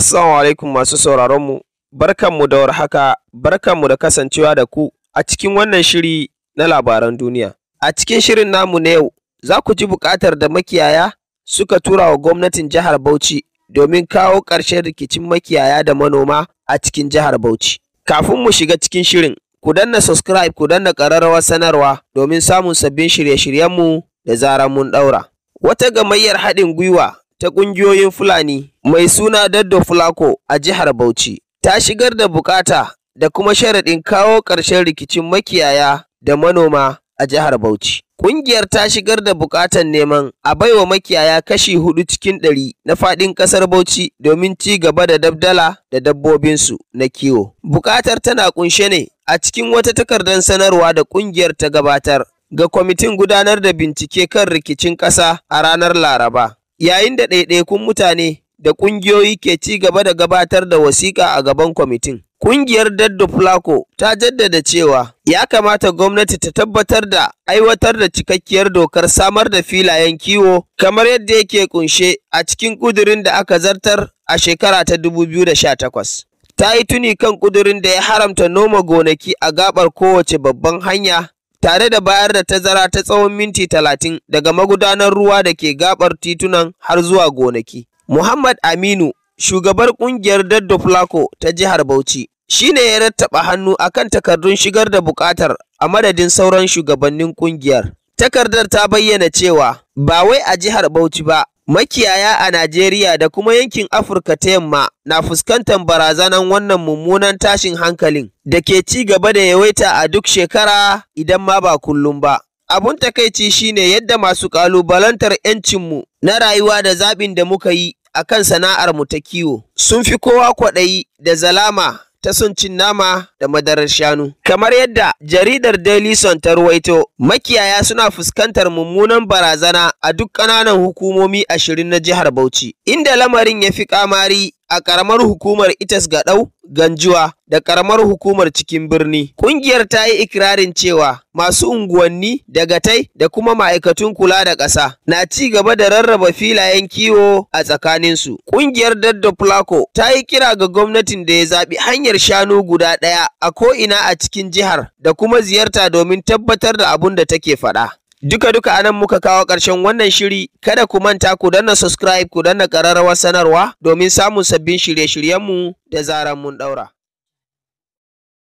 Assalamu alaikum masu barkan mu da warhaka, mu da kasancewa da ku a cikin wannan shiri na labaran duniya. A cikin shirin namu na yau, za ku ji bukatar da makiyaya suka tura wa gwamnatin jihar Bauchi domin kawo ƙarshen rikicin makiyaya da manoma a cikin jihar Bauchi. Kafin mu shiga cikin shirin, ku danna subscribe ku danna ƙararrawar sanarwa domin samun sabbin shirye shiryen mu da zarar mun ɗaura. Wata gamayyar haɗin gwiwa ta ƙungiyoyin Fulani mai suna Daddo Fulako a jihar Bauchi ta shigar da bukata da kuma sharaɗin kawo ƙarshen rikicin makiyaya da manoma a jihar Bauchi. Ƙungiyar ta shigar da buƙatar neman a baiwa makiyaya kashi hudu cikin ɗari na faɗin ƙasar Bauchi domin ci gaba da dabdala da dabbobinsu na kiwo. Buƙatar tana ƙunshe ne a cikin wata takardar sanarwa da ƙungiyar ta gabatar ga kwamitin gudanar da bincike kan rikicin ƙasa a ranar Laraba. Yayin da ɗaiɗaikun mutane da ƙungiyoyi ke ci gaba da gabatar da wasiƙa a gaban kwamitin, ƙungiyar Daddo Flaco ta jaddada cewa ya kamata gwamnati ta tabbatar da aiwatar da cikakkiyar dokar samar da filayen kiwo kamar yadda yake ƙunshe a cikin ƙudurin da aka zartar a shekara ta 2018. Ta yi tuni kan ƙudurin da ya haramta noma gonaki a gaɓar kowace babban hanya tare da bayar da tazara ta tsawon minti talatin daga magudanar ruwa da ke gabar titunan har zuwa gonaki. Muhammad Aminu, shugabar kungiyar Daddo Flaco ta jihar Bauchi, shi ne ya rattaba hannu a kan takardun shigar da bukatar a madadin sauran shugabannin kungiyar. Takardar ta bayyana cewa ba wai a jihar Bauchi ba, Makiyaya a Najeriya da kuma yankin Afirka ta Yamma na fuskantar barazanar wannan mummunan tashin hankalin da ke ci gaba da yawaita a duk shekara idan ma ba kullum ba. Abun takaici shine yadda masu ƙalubalantar 'yancinmu na rayuwa da zaɓin da muka yi a kan sana'armu ta kiwo sun fi kowa kwaɗayi da zalama ta son cin nama da madarar shanu. Kamar yadda jaridar Daily Sun ta ruwaito, makiyaya suna fuskantar mummunan barazana a duk ƙananan hukumomi ashirin na jihar Bauchi, inda lamarin ya fi kamari a ƙaramar hukumar Itas Gaɗau, Ganjuwa da ƙaramar hukumar cikin birni. Ƙungiyar ta yi ikirarin cewa masu unguwanni, dagatai da kuma ma'aikatun kula da ƙasa na ci gaba da rarraba filayen kiwo a tsakaninsu. Ƙungiyar Daddo Placo ta yi kira ga gwamnatin da ya zaɓi hanyar shanu guda ɗaya a ko'ina a cikin jihar da kuma ziyarta domin tabbatar da abun da take faɗa. Duka-duka anan muka kawo ƙarshen wannan shiri, kada ku manta ku danna subscribe ku danna ƙararrawar sanarwa domin samun sabbin shirye-shiryenmu da zaran mun ɗaura.